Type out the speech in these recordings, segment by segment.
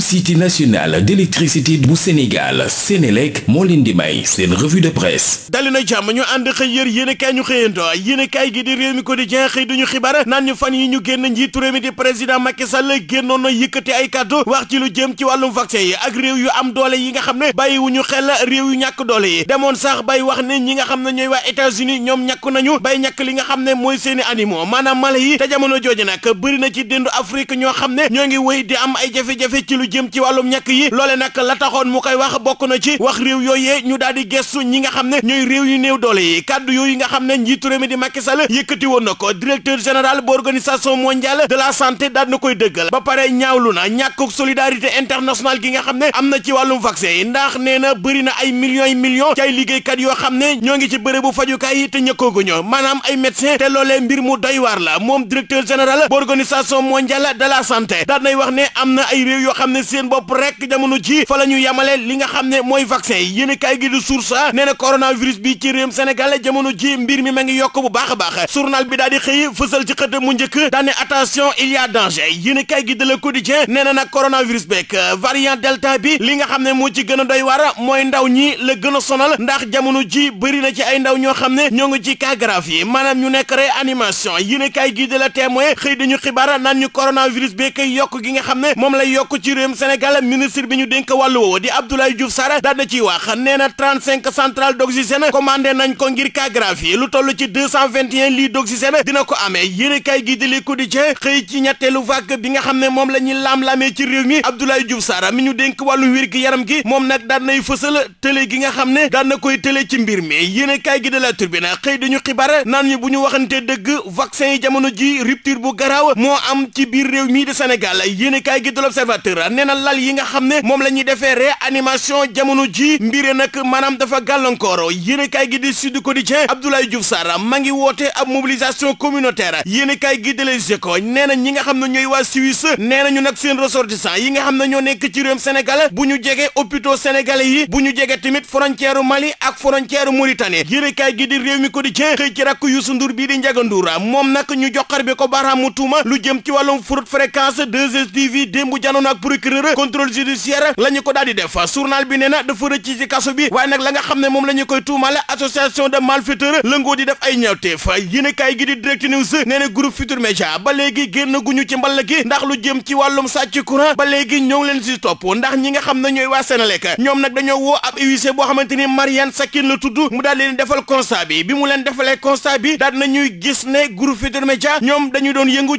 société nationale d'électricité bu Sénégal Sénélec moo leen di may seen revue de presse dali jàmm ñu ànd xëy yër yéenekaay ñu xëyanto yéenekaay gi di réew mi quotidien xëy duñu xibaar naan ñu fan yi ñu génn njiitu réew mi di président Macky Sall génnoon na yëkkati ay kàddu wax ci lu jëm ci wàllum vaccin yi ak réew yu am doole yi nga xam ne bàyyiwuñu xel réew yu ñàkk doole yi demoon sax bay wax ne ñi nga xam ne ñooy waa États-Unis ñoom ñàkk nañu li nga xam ne mooy seeni animaux maanaam mala yi jëm ci wàllum ñàkk yi loole nak la taxoon mu koy wax bokk na ci wax réew yooyee ñu daal di gestu ñi nga xam ne ñooy réew yu néew doole yi kàddu yooyu nga xam ne njiitu réew mi di Macky Sall yëkkati woon na ko directeur général bu organisation mondiale de la santé daal na koy dëggal ba pare ñaawlu na ñàkku solidarité internationale gi nga xam ne am na ci wàllum vaccin yi ndax nee na bëri na ay millions yi millions ci ay liggéeykat yoo xam ne ñoo ngi ci bëre bu fajukaay yi te ñëkkooguñoo maanaam ay médecin te mbir mu doy la moom directeur général organisation mondiale de la santé daal nay wax ne am na ay réew yoo xam xam ne seen bopp rek jamono ji li nga xam ne mooy vaccin yi yéen a kaay gi di source nee na coronavirus bi ci réewum Sénégal mi ma ngi yokk bu baax a baax journal bi daal di xëy fësal ci xët mu njëkk daane attention il y a gi de Le Quotidien na nag coronavirus beeg variant delta bi li nga xam ne moo ci gën a doy waar mooy ndaw ñi la gën a sonal ndax jamono ji bëri na ci ay ndaw ñoo xam ne ñoo ngi ci cas maanaam ñu nekk réanimation yéen a kaay gi de La Témoin xëy dañu xibaar naan yokk gi nga xam ne moom lay yokk ci réewum Sénégal ministre bi ñu dénk wàllu woowu di Abdoulaye Diouf Sarr daal da ciy wax nee na 35 centrales d'oxygène commandé nañ ko ngir cas grave lu toll ci 221 lits d'oxygène dina ko amee yéenekaay gi di Le Quotidien xëy ci ñetteelu vague bi nga xam ne moom la ñuy laam-laamee ci réew mi Abdoulaye Diouf Sarr mi ñu dénk wàllu wér gi yaram gi moom nag daan nay fësal télé gi nga xam ne daan na koy télé ci mbir mi kaay gi de La Tribune xëy dañu xibaar naan ñu bu ñu waxante dëgg vaccin yi jamono ji rupture bu garaaw moo am ci biir réew mi di Sénégal yéenekaay gi de L'Observateur nee na lal yi nga xam ne moom la ñuy defee réanimation jamono ji mbire nag maanaam dafa gàllankooro yéenekaay gi di Sud Quotidien Abdoulaye Diouf Sarr ma ngi woote ab mobilisation communautaire yéenekaay gi di Les Échos nee na ñi nga xam ne ñooy waa Suisse nee nañu nag seen ressortissants yi nga xam ne ñoo nekk ci réewum Sénégal bu ñu jege hôpitaux sénégalais yi bu ñu jege tamit frontière Mali ak frontière Mauritanie yéenekaay gi di Rewmi Quotidien xëy ci rakk Youssou bii di Ndiaga Ndour moom nag ñu joxar ko baaraamu tuuma lu jëm ci wàllum fraude fréquence 2STV procureur contrôle judiciaire la ñu ko daal di def bi nee na ci kaso bi waaye nag la nga ba léegi génn ci mball gi ndax lu jëm ci wàllum sàcc ñi nga xam ne ñooy waa Senelec ñoom nag dañoo woo ab huissier boo xamante ni Mariane Sakine la tudd mu daal leen defal constat bi bi mu leen defalee constat bi daal nañuy gis ne groupe Futur Média ñoom dañu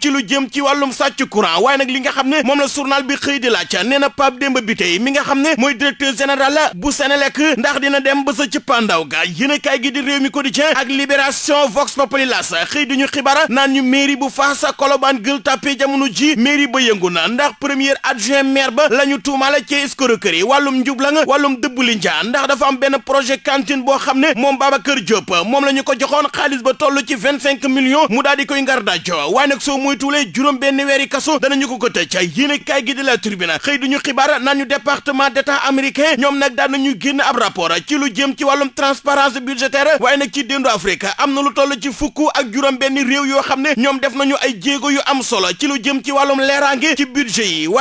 ci lu jëm ci wàllum sàcc courant waaye nag li nga xam ne moom la journal bi xëy di laaj nee na Pape Demba Bitèye mi nga xam ne mooy directeur général bu Senelec ndax dina dem ba sa ci pandaw ga yéen kaay gi di réew mi quotidien ak libération Vox la las xëy du ñu xibaar na ñu mairie bu Fass Colobane Gueule Tapée jamono ji mairie ba yëngu na ndax premier adjoint maire ba la ñu tuumaale ci escroquerie wàllum njubla nga wàllum li njaa ndax dafa am benn projet cantine boo xam ne moom ba Babacar Diop moom la ñu ko joxoon xaalis ba toll ci vingt cinq millions mu daal di koy ngar daajo waaye nag soo moytuwulee benn weeri kaso danañu ko ko tribunal xëy duñu xibaar naan ñu département d'état américain ñoom nag daan nañu génn ab rapport ci lu jëm ci wàllum transparence budgétaire waaye nag ci déndu Afrique na lu toll ci fukk ak juróom benn réew yoo xam ne ñoom def nañu ay jéego yu am solo ci lu jëm ci wàllum leeraange ci budget yoo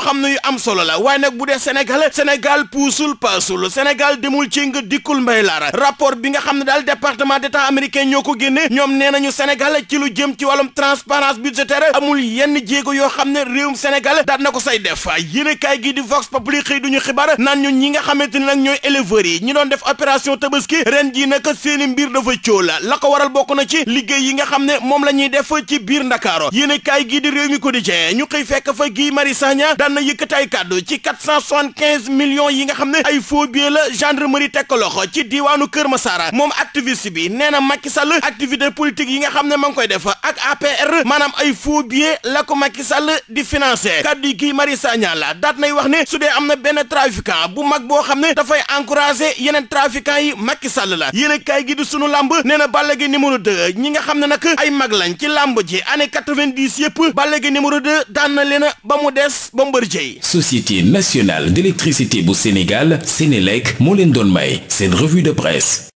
xam ne yu am solo la waaye nag bu dee Sénégal Sénégal puusul paasul Sénégal ci nga dikkul mbay laara rapport bi nga xam ne daal département d'état américain ñoo ko génne ñoom nee nañu Sénégal ci lu jëm ci wàllum transparence budgétaire amul yenn jéego yoo xam ne réewum Sénégal Sénégal daat na ko say def yéenekaay gi di Vox Populi xëy duñu xibaar naan ñun ñi nga xamante ne nag ñooy éleveurs yi ñu doon def opération tabaski ren jii nag seeni mbir dafa cóola la ko waral bokk na ci liggéey yi nga xam ne moom la ñuy def ci biir Ndakaaru yéenekaay gi di mi Rewmi Quotidien ñu xëy fekk fa Guy Marius Sagna daan na yëkkati ay kàddu ci 475 millions yi nga xam ne ay faux billets la gendarmerie teg ko loxo ci diiwaanu Kër ma Massara moom activiste bi nee na Macky Sall activité politique yi xam ne ma ngi koy def ak APR maanaam ay faux billets la ko Macky Sall di financer de kaddu yi kii Mari Sagna la daat nay wax ne su dee am na benn trafiquant bu mag boo xam ne dafay encourager yeneen trafiquant yi Macky Sall la yéen a gi di sunu làmb nee na Balla Gaye numéro ñi nga xam ne nag ay mag lañ ci làmb ji année 90 yëpp Balla Gaye numéro 2 daan na leen ba mu des Bombardier Société nationale d'électricité bu Sénégal Sénélec moo leen doon may seen revue de presse